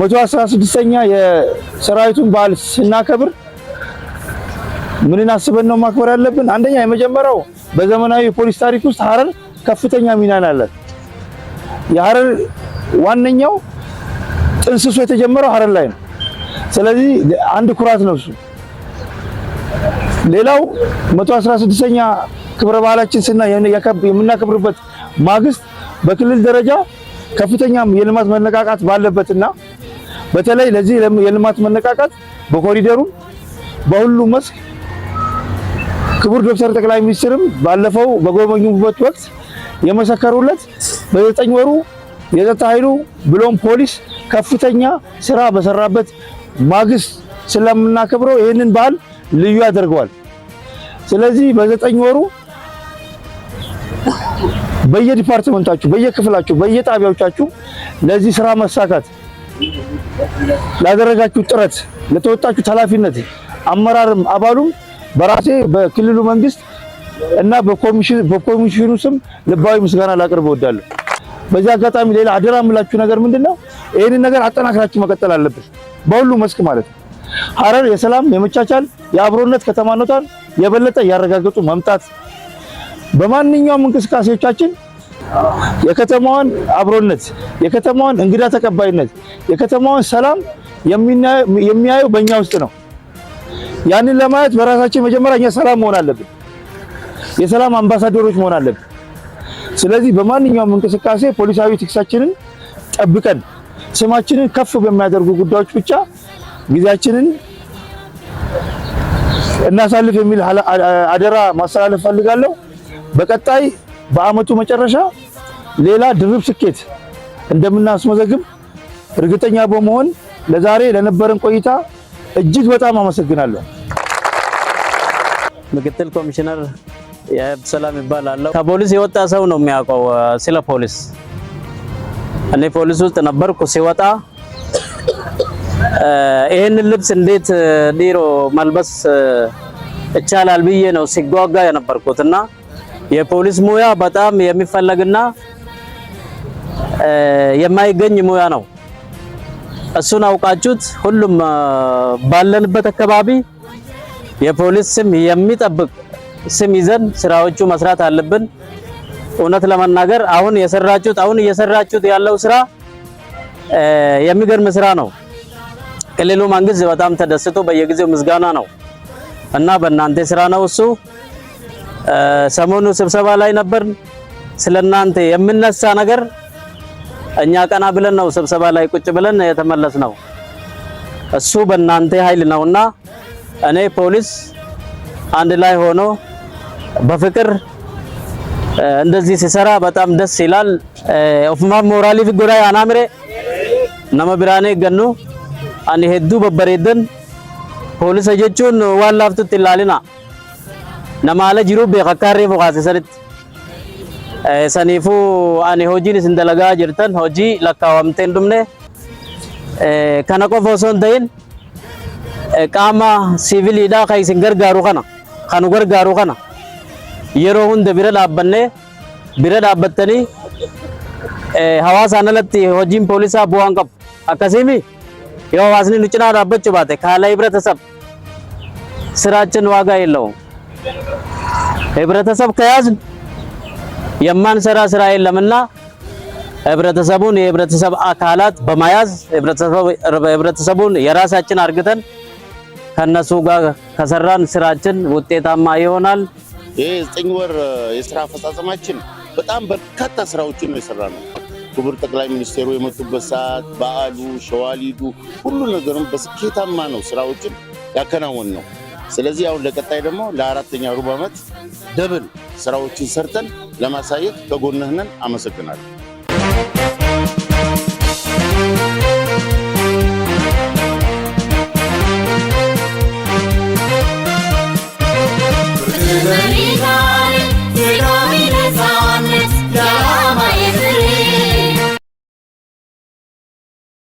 መቶ አስራ ስድስተኛ የሰራዊቱን በዓል ስናከብር ምንን አስበን ነው ማክበር ያለብን? አንደኛ የመጀመሪያው በዘመናዊ የፖሊስ ታሪክ ውስጥ ሀረር ከፍተኛ ሚና አለን። የሀረር ዋነኛው ጥንስሶ የተጀመረው ሀረር ላይ ነው። ስለዚህ አንድ ኩራት ነው እሱ። ሌላው 116ኛ ክብረ በዓላችን ስና የምናከብርበት ማግስት በክልል ደረጃ ከፍተኛ የልማት መነቃቃት ባለበትና በተለይ ለዚህ የልማት መነቃቃት በኮሪደሩ በሁሉ መስክ ክቡር ዶክተር ጠቅላይ ሚኒስትርም ባለፈው በጎበኙበት ወቅት የመሰከሩለት በዘጠኝ ወሩ የጸጥታ ኃይሉ ብሎም ፖሊስ ከፍተኛ ስራ በሰራበት ማግስት ስለምናከብረው ይህንን በዓል ልዩ ያደርገዋል። ስለዚህ በዘጠኝ ወሩ በየዲፓርትመንታችሁ፣ በየክፍላችሁ፣ በየጣቢያዎቻችሁ ለዚህ ስራ መሳካት ላደረጋችሁ ጥረት፣ ለተወጣችሁ ኃላፊነት አመራርም አባሉም በራሴ በክልሉ መንግስት እና በኮሚሽኑ ስም ልባዊ ምስጋና ላቀርብ እወዳለሁ። በዚህ አጋጣሚ ሌላ አደራ የምላችሁ ነገር ምንድነው? ይህንን ነገር አጠናክራችሁ መቀጠል አለብን፣ በሁሉ መስክ ማለት ነው። ሀረር የሰላም የመቻቻል የአብሮነት ከተማነቷን የበለጠ ያረጋገጡ መምጣት በማንኛውም እንቅስቃሴዎቻችን የከተማዋን አብሮነት፣ የከተማዋን እንግዳ ተቀባይነት፣ የከተማዋን ሰላም የሚያየው በእኛ ውስጥ ነው። ያንን ለማየት በራሳችን መጀመሪያ እኛ ሰላም መሆን አለብን። የሰላም አምባሳደሮች መሆን አለብን። ስለዚህ በማንኛውም እንቅስቃሴ ፖሊሳዊ ትክሳችንን ጠብቀን ስማችንን ከፍ በሚያደርጉ ጉዳዮች ብቻ ጊዜያችንን እናሳልፍ የሚል አደራ ማስተላለፍ ፈልጋለሁ። በቀጣይ በአመቱ መጨረሻ ሌላ ድርብ ስኬት እንደምናስመዘግብ እርግጠኛ በመሆን ለዛሬ ለነበረን ቆይታ እጅግ በጣም አመሰግናለሁ። ምክትል ኮሚሽነር የህብ ሰላም ይባላለሁ። ከፖሊስ የወጣ ሰው ነው የሚያውቀው ስለ ፖሊስ። እኔ ፖሊስ ውስጥ ነበርኩ ሲወጣ ይህንን ልብስ እንዴት ዲሮ መልበስ ይቻላል ብዬ ነው ሲጓጓ የነበርኩት እና የፖሊስ ሙያ በጣም የሚፈለግና የማይገኝ ሙያ ነው። እሱን አውቃችሁት ሁሉም ባለንበት አካባቢ የፖሊስ ስም የሚጠብቅ ስም ይዘን ስራዎቹ መስራት አለብን። እውነት ለመናገር አሁን የሰራችሁት አሁን እየሰራችሁት ያለው ስራ የሚገርም ስራ ነው። ክልሉ መንግስት በጣም ተደስቶ በየጊዜው ምስጋና ነው እና በእናንተ ስራ ነው እሱ ሰሞኑ ስብሰባ ላይ ነበር። ስለናንተ የምነሳ ነገር እኛ ቀና ብለን ነው ስብሰባ ላይ ቁጭ ብለን የተመለስ ነው። እሱ በእናንተ ኃይል ነውና እኔ ፖሊስ አንድ ላይ ሆኖ በፍቅር እንደዚህ ሲሰራ በጣም ደስ ይላል። ኦፍማ ሞራሊ ጉዳይ አናምሬ ነመ ብራኔ ገኑ አን ሄዱ በበሬደን ፖሊስ ጀቹን ዋላፍቱ ትላልና namaala jiru beeka akka harree fokaase sanitti. Saniifuu ani hojiin isin dalagaa jirtan hojii lakkaawamtee hin dhumne kana qofa osoo hin ta'in qaama siiviliidhaa kan isin gargaaru kana kan nu gargaaru kana yeroo hunda bira dhaabbannee bira dhaabbattanii hawaasaan alatti hojiin poolisaa bu'aan qabu. Akkasiimi yoo hawaasni nu cinaa dhaabbachuu baate kaalaa ibiratasab siraachin waagaa hin la'u. ህብረተሰብ ከያዝን የማንሰራ ስራ የለምና ህብረተሰቡን የህብረተሰብ አካላት በመያዝ ህብረተሰቡን የራሳችን አርግተን ከነሱ ጋር ከሰራን ስራችን ውጤታማ ይሆናል። ይህ ዘጠኝ ወር የስራ አፈጻጸማችን በጣም በርካታ ስራዎችን ነው የሰራነው። ክቡር ጠቅላይ ሚኒስትሩ የመጡበት ሰዓት፣ በዓሉ፣ ሸዋሊዱ ሁሉ ነገርም በስኬታማ ነው ስራዎችን ያከናወን ነው። ስለዚህ አሁን ለቀጣይ ደግሞ ለአራተኛ ሩብ ዓመት ደብል ስራዎችን ሰርተን ለማሳየት ከጎንህ ነን። አመሰግናለሁ።